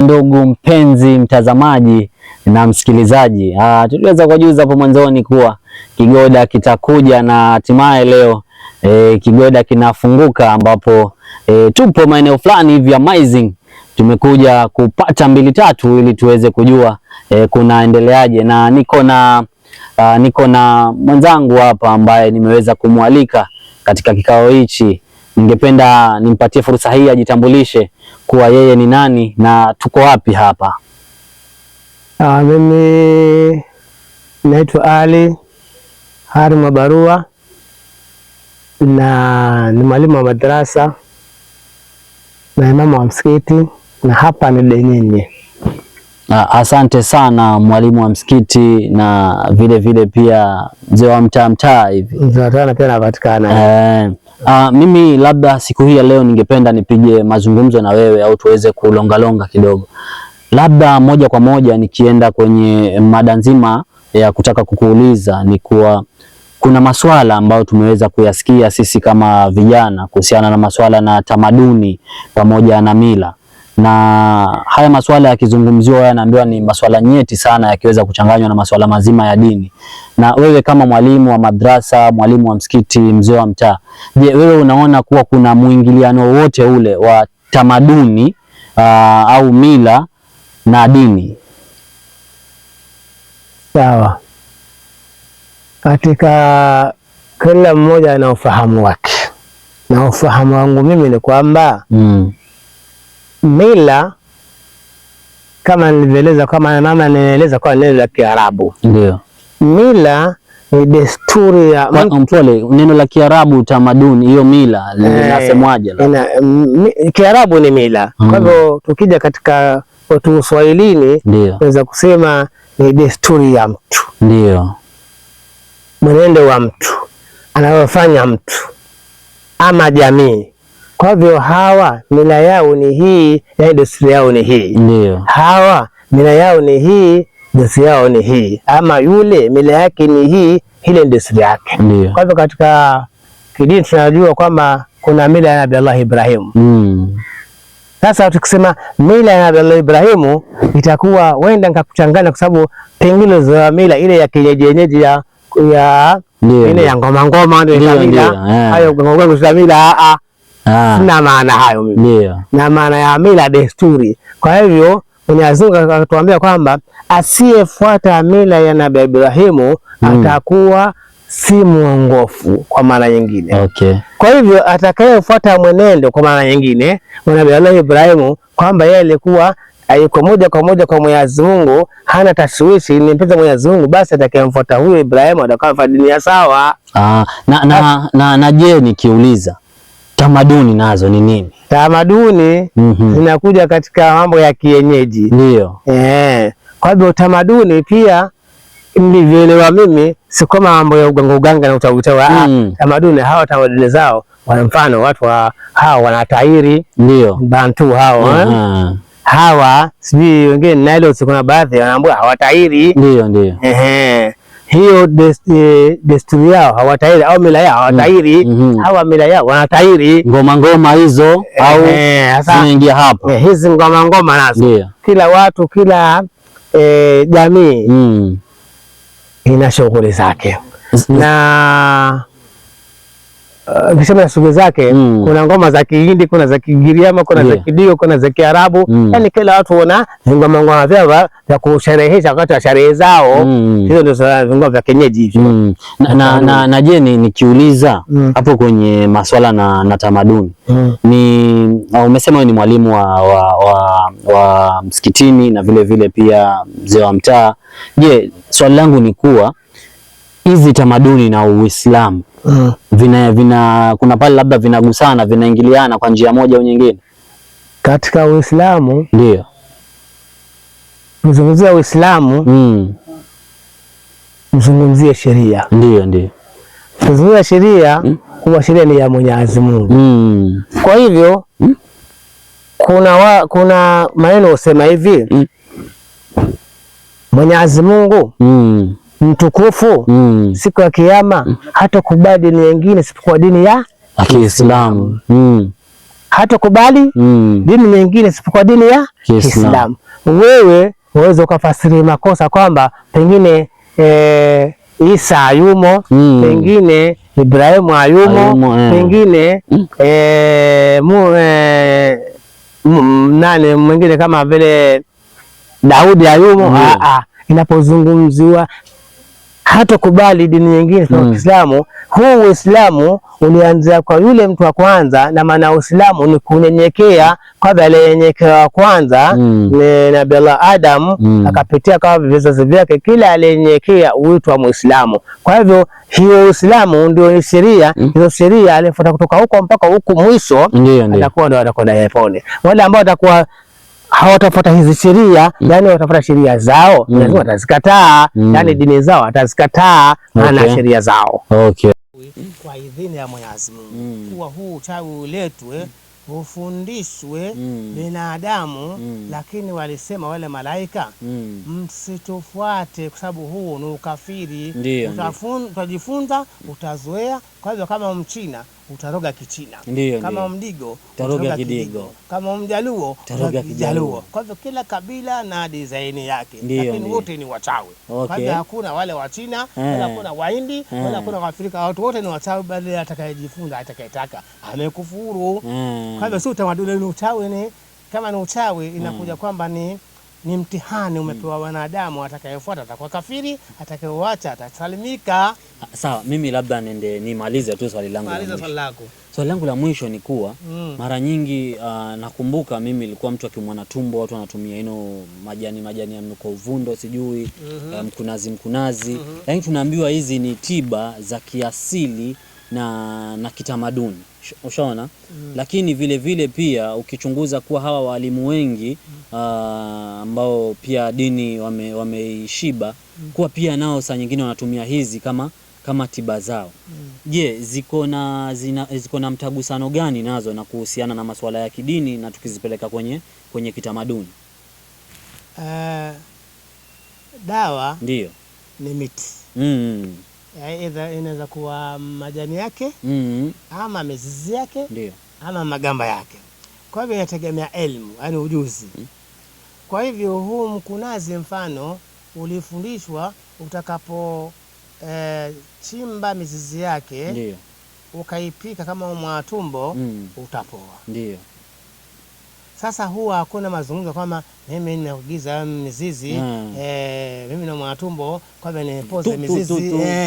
Ndugu mpenzi mtazamaji na msikilizaji, ah, tuliweza kujuza hapo mwanzoni kuwa kigoda kitakuja na hatimaye leo e, kigoda kinafunguka ambapo e, tupo maeneo fulani hivi amazing. Tumekuja kupata mbili tatu ili tuweze kujua e, kunaendeleaje na niko na ah, niko na mwenzangu hapa ambaye nimeweza kumwalika katika kikao hichi ningependa nimpatie fursa hii ajitambulishe kuwa yeye ni nani na tuko wapi hapa. Ah, mimi naitwa Ali Hari Barua na ni mwalimu wa madarasa na imamu wa msikiti na hapa ni Denyenye. Ah, asante sana mwalimu wa msikiti na vile vile pia mzee wa mtaa mtaa hivi, mzee wa mtaa pia anapatikana eh. Uh, mimi labda siku hii ya leo ningependa nipige mazungumzo na wewe au tuweze kulongalonga kidogo, labda moja kwa moja nikienda kwenye mada nzima ya kutaka kukuuliza ni kuwa kuna maswala ambayo tumeweza kuyasikia sisi kama vijana kuhusiana na maswala na tamaduni pamoja na mila na haya masuala yakizungumziwa, yanaambiwa ni masuala nyeti sana, yakiweza kuchanganywa na masuala mazima ya dini. Na wewe kama mwalimu wa madrasa, mwalimu wa msikiti, mzee wa mtaa, je, wewe unaona kuwa kuna mwingiliano wote ule wa tamaduni uh, au mila na dini? Sawa, katika kila mmoja ana ufahamu wake, na ufahamu wangu mimi ni kwamba mm mila kama nilivyoeleza, kama mama anaeleza kwa neno la Kiarabu. Ndio. Mila ni desturi ya mpole, neno la Kiarabu utamaduni, hiyo mila eh, linasemwaje? Kiarabu ni mila mm. Kwa hmm. hivyo tukija katika watu uswahilini tunaweza kusema ni desturi ya mtu, ndio mwenendo wa mtu, anayofanya mtu ama jamii kwa hivyo hawa mila yao ni hii na desturi yao ni hii. Ndio. Hawa mila yao ni hii, desturi yao ni hii, ama yule mila yake ni hii, ile desturi yake. Ndio. Kwa hivyo katika kidini tunajua kwamba kuna mila ya Nabii Allah Ibrahimu. Mm. Sasa tukisema mila ya Nabii Ibrahimu itakuwa wenda nikakuchanganya, kwa sababu pengine za mila ile ya kienyeji yenyeji ya ya ngoma ngoma ndio mila ah. hayo ngoma ngoma mila a ah, ah. Ah. sina maana hayo mimi na maana ya mila desturi. Kwa hivyo Mwenyezi Mungu akatuambia kwamba asiyefuata mila ya Nabii Ibrahimu mm. atakuwa si mwongofu kwa maana nyingine okay. Kwa hivyo atakayefuata mwenendo kwa maana nyingine Nabii Ibrahimu kwamba yeye alikuwa yuko moja kwa moja kwa Mwenyezi Mungu, hana tashwishi, ni mpeza Mwenyezi Mungu, basi atakayemfuata huyo Ibrahimu atakuwa ya sawa. Ah, na, na, na, na, na je nikiuliza Tamaduni nazo ni nini? Tamaduni mm -hmm. zinakuja katika mambo ya kienyeji ndio. Eh, kwa hivyo tamaduni pia nilivyoelewa mimi si kama mambo ya uganga uganga na utawi utawi ah, mm. Tamaduni hawa tamaduni zao, kwa mfano watu wa, hawa wanatairi ndio Bantu hao eh. hawa sijui wengine Nilotes, kuna baadhi wanaambia hawatairi ndio ndio. Ehe hiyo eh, desturi yao hawatairi au mila yao hawatairi mm -hmm. Mm. au mila yao wanatairi ngoma ngoma hizo e, au eh, zinaingia hapo e, hizi ngoma ngoma nazo yeah. Kila watu kila e, jamii mm. ina shughuli zake na Uh, ukisema uh, zake mm. kuna ngoma za Kihindi, kuna za Kigiriama, kuna yeah. za Kidio, kuna za Kiarabu mm. yani kila watu wana ngoma ngoma vyao vya kusherehesha wakati wa sherehe zao mm. hizo ndio ngoma vya kienyeji hivyo mm. na, na, mm. na, na je ni nikiuliza mm. hapo mm. kwenye maswala na, na tamaduni mm. ni umesema ni mwalimu wa, wa, wa, wa msikitini na vile vile pia mzee wa mtaa. Je, swali langu ni kuwa hizi tamaduni na Uislamu mm. vina, vina kuna pale labda vinagusana vinaingiliana kwa njia moja au nyingine katika Uislamu. Ndio mzungumzia Uislamu mm. mzungumzie sheria. Ndio, ndio mzungumzia sheria mm. huwa sheria ni ya Mwenyezi Mungu mm. kwa hivyo mm. kuna, wa, kuna maneno usema hivi mm. Mwenyezi Mungu mm mtukufu mm. siku ya Kiyama mm. hata kubali dini nyingine isipokuwa dini ya Kiislamu mm. hata kubali mm. dini nyingine isipokuwa dini ya Kiislamu. Wewe waweza ukafasiri makosa kwamba pengine e, Isa ayumo mm. pengine Ibrahimu ayumo, ayumo yeah. pengine mm. e, mu, e, nani mwingine kama vile Daudi ayumo mm. a, ah, a, ah. inapozungumziwa hatokubali dini nyingine mm. Uislamu. mm. Huu Uislamu ulianzia kwa yule mtu wa kwanza, na maana Uislamu ni kunyenyekea kabla aliyenyenyekea wa kwanza mm. ni Nabii Allah Adam mm. akapitia kwa vizazi vyake, kila aliyenyenyekea huitwa Muislamu. Kwa hivyo hiyo Uislamu ndio ni sheria mm. hizo sheria alifuata kutoka huko mpaka huko mwisho, atakuwa ndio yeye peponi. Wale ambao atakuwa hawatafuata hizi sheria mm. Yani watafuata sheria zao mm. Lazima watazikataa yaani mm. Yani dini zao watazikataa okay. Na Sheria zao okay. Kwa idhini ya Mwenyezi Mungu mm. kuwa mm. huu uchawi uletwe mm hufundishwe mm. binadamu mm. Lakini walisema wale malaika mm. msitufuate, kwa sababu huu ni ukafiri. Utajifunza, utazoea. Kwa hivyo kama Mchina utaroga Kichina, ndiyo, kama Mdigo utaroga Kidigo, kama Mjaluo utaroga Kijaluo. Kwa hivyo kila kabila na design yake, lakini wote ni wachawi. Kwa hivyo hakuna wale wa China wala eh. kuna Wahindi eh. wala hakuna Waafrika, watu wote ni wachawi, bali atakayejifunza atakayetaka amekufuru. Eh. Kwa hivyo si utamaduni, ni uchawi. Kama ni uchawi inakuja mm. kwamba ni ni mtihani umepewa hmm. wanadamu, atakayefuata atakuwa kafiri, atakayewacha atasalimika. Sawa, mimi labda nende nimalize tu swali langu. Maliza swali lako. Swali langu la mwisho ni kuwa mm. mara nyingi uh, nakumbuka mimi nilikuwa mtu akimwana tumbo, watu wanatumia ino majani majani ya mnuko uvundo sijui mm -hmm. mkunazi mkunazi, mhm. lakini mm -hmm. tunaambiwa hizi ni tiba za kiasili na, na kitamaduni ushaona mm. Lakini vile vile pia ukichunguza kuwa hawa waalimu wengi mm. Ah, ambao mm. pia dini wameishiba wame mm. kuwa pia nao saa nyingine wanatumia hizi kama, kama tiba zao mm. je, mm. ziko na ziko na mtagusano gani nazo na kuhusiana na masuala ya kidini na tukizipeleka kwenye, kwenye kitamaduni? Uh, dawa ndio ni miti mm aidha inaweza kuwa majani yake mm -hmm. ama mizizi yake Ndiyo. ama magamba yake. Kwa hivyo inategemea elimu, yani ujuzi mm -hmm. kwa hivyo huu mkunazi mfano ulifundishwa utakapo e, chimba mizizi yake ndio ukaipika kama tumbo mm -hmm. utapoa ndio sasa huwa hakuna mazungumzo kwamba mimi nimeagiza mizizi mm. eh, mimi na mwatumbo kwamba nipoze mizizi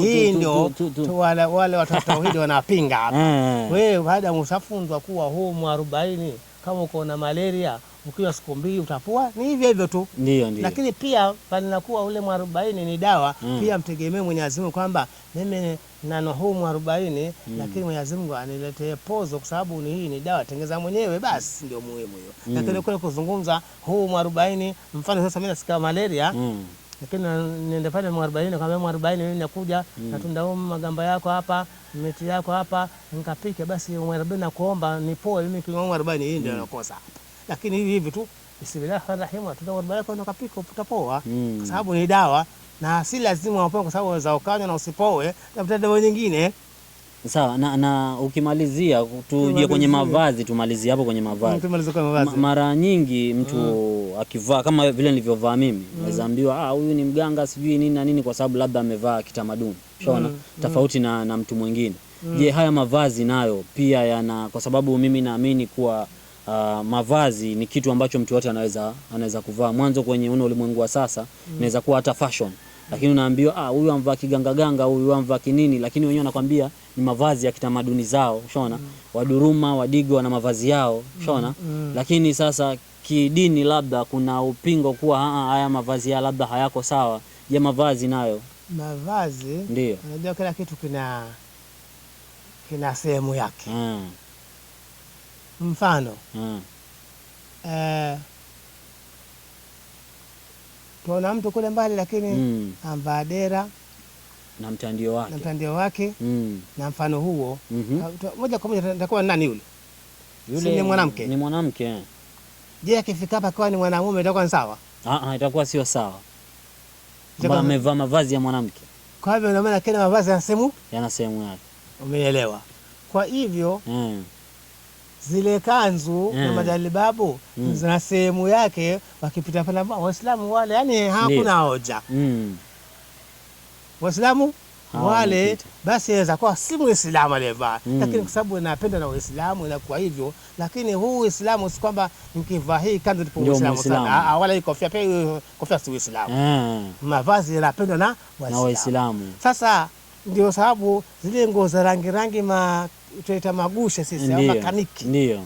hii ndio wale watu wa tauhidi wanapinga hapa. Eh. Wewe baada ya kuwa huu mwarobaini, kama uko na malaria ukiwa siku mbili utapua, ni hivyo hivyo tu. Ndio, ndio. Lakini pia palinakuwa ule mwarobaini ni dawa mm. Pia mtegemee Mwenyezi Mungu kwamba mimi nano huu mwarobaini mm. Lakini Mwenyezi Mungu aniletee pozo, kwa sababu ni hii ni dawa tengeza mwenyewe, basi mm. ndio muhimu hiyo mm. Lakini kule kuzungumza huu mwarobaini, mfano sasa mimi nasikia malaria mm lakini niende pale mwarobaini, nikamwambia mwarobaini, mimi nakuja mm. natunda huu magamba yako hapa, miti yako hapa, nikapike basi mwarobaini, nakuomba nipoe mimi. kwa mwarobaini hii ndio mm. nakosa mm lakini hivi hivi tu bismillahir rahim atuta na kapika utapoa, kwa hmm. sababu ni dawa na si lazima wapoe, kwa sababu unaweza ukanywa na usipoe, tafuta dawa nyingine. Sawa na, na ukimalizia tuje kwenye mavazi, tumalizie hapo kwenye mavazi. Hmm, mara nyingi mtu mm. akivaa kama vile nilivyovaa mimi mm. naweza ambiwa ah, huyu ni mganga sijui nini na nini, kwa sababu labda amevaa kitamaduni, ushaona mm. tofauti mm. na, na mtu mwingine mm. Je, haya mavazi nayo pia yana, kwa sababu mimi naamini kuwa Uh, mavazi ni kitu ambacho mtu yote anaweza anaweza kuvaa. Mwanzo kwenye ulimwengu wa sasa mm. inaweza mm. kuwa hata fashion, lakini unaambiwa ah, huyu amvaa kigangaganga, huyu amvaa kinini, lakini wenyewe wanakwambia ni mavazi ya kitamaduni zao, ushaona mm. Waduruma, Wadigo wana mavazi yao, ushaona mm. mm. lakini sasa kidini, labda kuna upingo kuwa haa, ah, ah, haya mavazi ya labda hayako sawa. Je, mavazi nayo, mavazi ndio, unajua kila kitu kina kina sehemu yake mm. Mfano mm. E, mtu kule mbali lakini mm. amvaa dera na mtandio wake, na, mtandio wake. Mm. na mfano huo mm -hmm. moja kwa moja takuwa nani yule? Yule ni mwanamke, ni mwanamke. Je, akifika hapa akawa ni mwanamume itakuwa ni sawa? Ah, ah, itakuwa sio sawa, amevaa mavazi ya mwanamke. Kwa hivyo ndio maana kile mavazi yana sehemu yake, umeelewa? Kwa hivyo mm zile kanzu yeah. na eh. babu mm. zina sehemu yake, wakipita pale Waislamu wale yani hakuna hoja mm. Waislamu wale basi aweza kuwa si Muislamu aliyevaa mm. Lakini kwa sababu napenda na Uislamu inakuwa hivyo, lakini huu Uislamu si kwamba nikivaa hii kanzu ndipo Muislamu sana, ah, ah, wala hii kofia pia, kofia si Uislamu yeah. Mavazi yanapendwa na Waislamu. Sasa ndio sababu zile nguo za rangi rangi ma tunaita magusha sisi au makaniki, ndio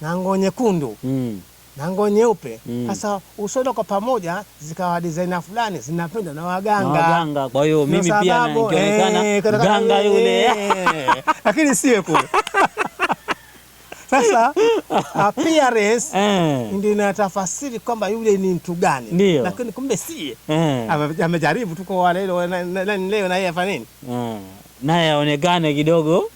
na nguo nyekundu mm. na nguo nyeupe mm. sasa, usoda kwa pamoja zikawa designer fulani zinapenda na waganga waganga. Kwa hiyo mimi pia nionekana eh, mganga yule, lakini siwe kule Sasa appearance eh. ndio inatafasiri kwamba yule ni mtu gani, lakini kumbe sie eh. amejaribu tuko wale leo na yeye afanye nini, naye aonekane kidogo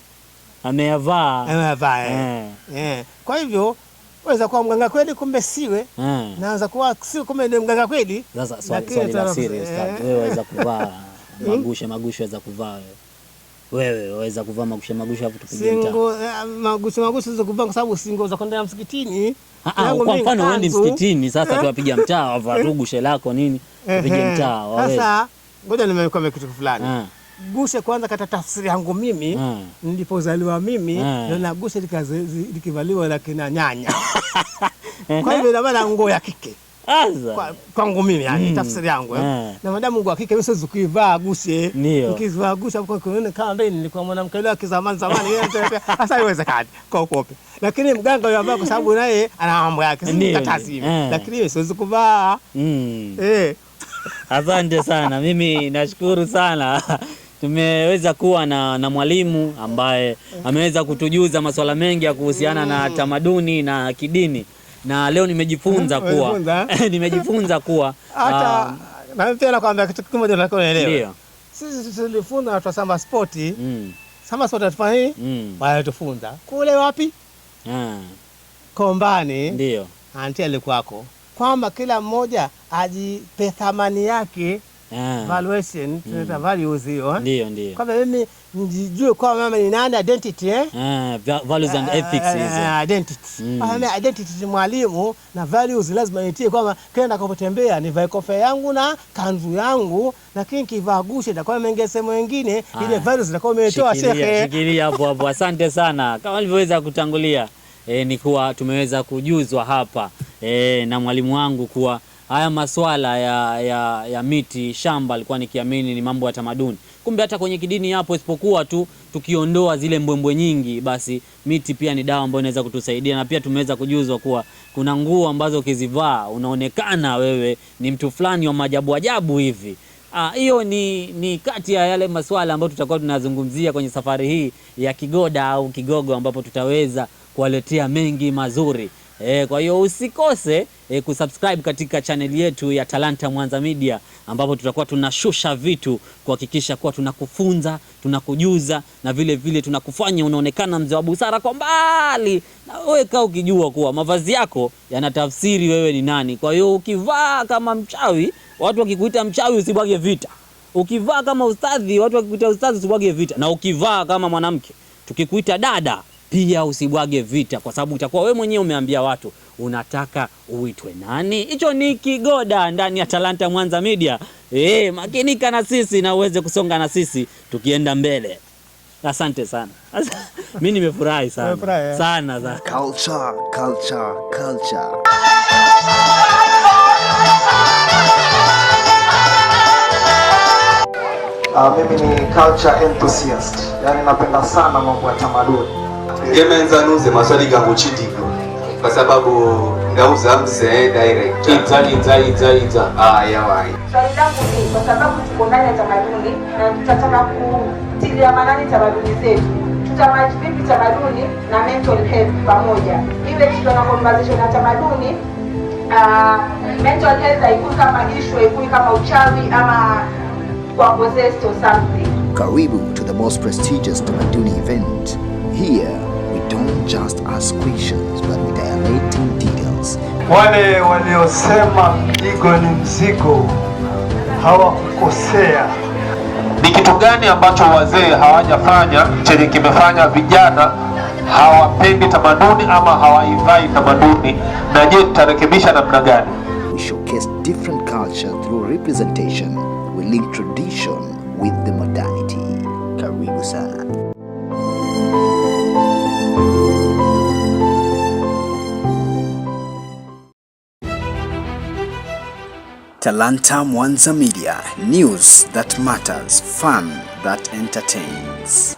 ameyavaa ameyavaa, eh. Eh. eh. Kwa hivyo waweza kuwa mganga kweli, kumbe siwe eh. Naweza kuwa si kumbe ni mganga kweli. Sasa swali la siri eh. ustadhi, wewe waweza kuvaa magusha hmm? magusha, waweza kuvaa wewe waweza kuvaa magusha magusha, hapo tupige singo magusha eh, magusha za kuvaa, kwa sababu singo za kwenda msikitini. Ah, ah, kwa mfano uende msikitini, sasa tuwapiga mtaa, wavaa tu gushe lako nini, tupige mtaa. Sasa ngoja nimekuwa kitu fulani ah guse kwanza, kata tafsiri yangu mimi mm. nilipozaliwa mimi mm. na guse likivaliwa na kina nyanya kwa hivyo ina maana nguo ya kike kwangu mimi yani, mm. tafsiri yangu mm. na madamu nguo ya kike mimi siwezi kuivaa guse, nikivaa kuona kama mimi nilikuwa mwanamke yule kizamani zamani, hasa haiwezekani kwa ukope, lakini mganga yule ambaye kwa sababu naye ana mambo yake si sikatazi hivi, lakini mimi siwezi kuvaa mm. eh. Asante sana, mimi nashukuru sana tumeweza kuwa na, na mwalimu ambaye ameweza kutujuza masuala mengi ya kuhusiana mm. na tamaduni na kidini na leo nimejifunza eh, kuwa eh? nimejifunza kuwa hata um, na tena kwamba kitu kimoja unakoelewa, ndio sisi tulifunza watu sama spoti mm. sama spoti atufanya hii? mm. tufunza. kule wapi ah. Kombani ndio anti alikuwako kwamba kila mmoja ajipe thamani yake. Yeah. Valuation hmm. tunaita values hiyo. Eh? Ndio, ndio. Kwa sababu mimi nijue kwa mama ni nani identity eh? Yeah, values and uh, ethics is uh, ah, ah, Identity. Mm. Kwa mimi identity ni mwalimu na values lazima nitie kwamba kenda kupotembea nivae kofia yangu na kanzu yangu lakini kivaa gushe na kwa mengine sehemu nyingine ile values zitakuwa umetoa shehe. Shikilia hapo hapo. Asante sana. Kama nilivyoweza kutangulia, eh, ni kuwa tumeweza kujuzwa hapa eh, na mwalimu wangu kuwa haya maswala ya, ya, ya miti shamba alikuwa nikiamini ni mambo ya tamaduni, kumbe hata kwenye kidini yapo, isipokuwa tu tukiondoa zile mbwembwe nyingi, basi miti pia ni dawa ambayo inaweza kutusaidia. Na pia tumeweza kujuzwa kuwa kuna nguo ambazo ukizivaa unaonekana wewe ni mtu fulani wa maajabu ajabu hivi. Ah, hiyo ni, ni kati ya yale maswala ambayo tutakuwa tunazungumzia kwenye safari hii ya Kigoda au Kigogo, ambapo tutaweza kuwaletea mengi mazuri. E, kwa hiyo usikose e, kusubscribe katika chaneli yetu ya Talanta Mwanza Media ambapo tutakuwa tunashusha vitu kuhakikisha kuwa tunakufunza, tunakujuza na vile vile tunakufanya unaonekana mzee wa busara kwa mbali, na wewe kaa ukijua kuwa mavazi yako yanatafsiri wewe ni nani. Kwa hiyo ukivaa kama mchawi, watu wakikuita mchawi, usibwage vita. Ukivaa kama ustadhi, watu wakikuita ustadhi, usibwage vita. Na ukivaa kama mwanamke, tukikuita dada pia usibwage vita, kwa sababu utakuwa wewe mwenyewe umeambia watu unataka uitwe nani. Hicho ni kigoda ndani ya Talanta Mwanza Media. E, makinika na sisi na uweze kusonga na sisi tukienda mbele. Asante sana. Mimi nimefurahi sana eh. sana za Culture, culture, culture. Uh, mimi ni culture enthusiast. Yaani napenda sana mambo ya tamaduni ngemenza nuze maswali gangu chidiko kwa sababu ndauza mse direct ita ita ita ita ah yawai swali langu ni kwa sababu tuko ndani ya tamaduni na tutataka kutilia maanani tamaduni zetu tutamaji vipi tamaduni na mental health pamoja ile kitu na conversation ya tamaduni Uh, mental health kama issue, kama uchawi ama kwa possessed or something. Karibu to the most prestigious Tamaduni event here don't just ask questions but with dilating details. Wale waliosema mzigo ni mzigo hawakukosea. Ni kitu gani ambacho wazee hawajafanya chenye kimefanya vijana hawapendi tamaduni ama hawaivai tamaduni, na je, tutarekebisha namna gani? We showcase different culture through representation. We link tradition with the modernity. Karibu sana. Talanta Mwanza Media, news that matters, fun that entertains.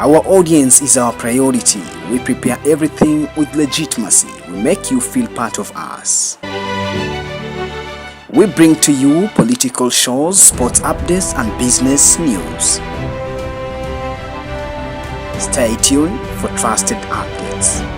Our audience is our priority. We prepare everything with legitimacy. We make you feel part of us. We bring to you political shows, sports updates, and business news. Stay tuned for trusted updates.